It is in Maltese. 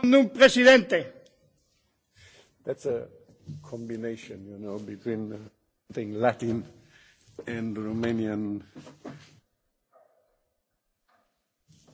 Domnul Presidente. That's a combination, you know, between uh, Latin and Romanian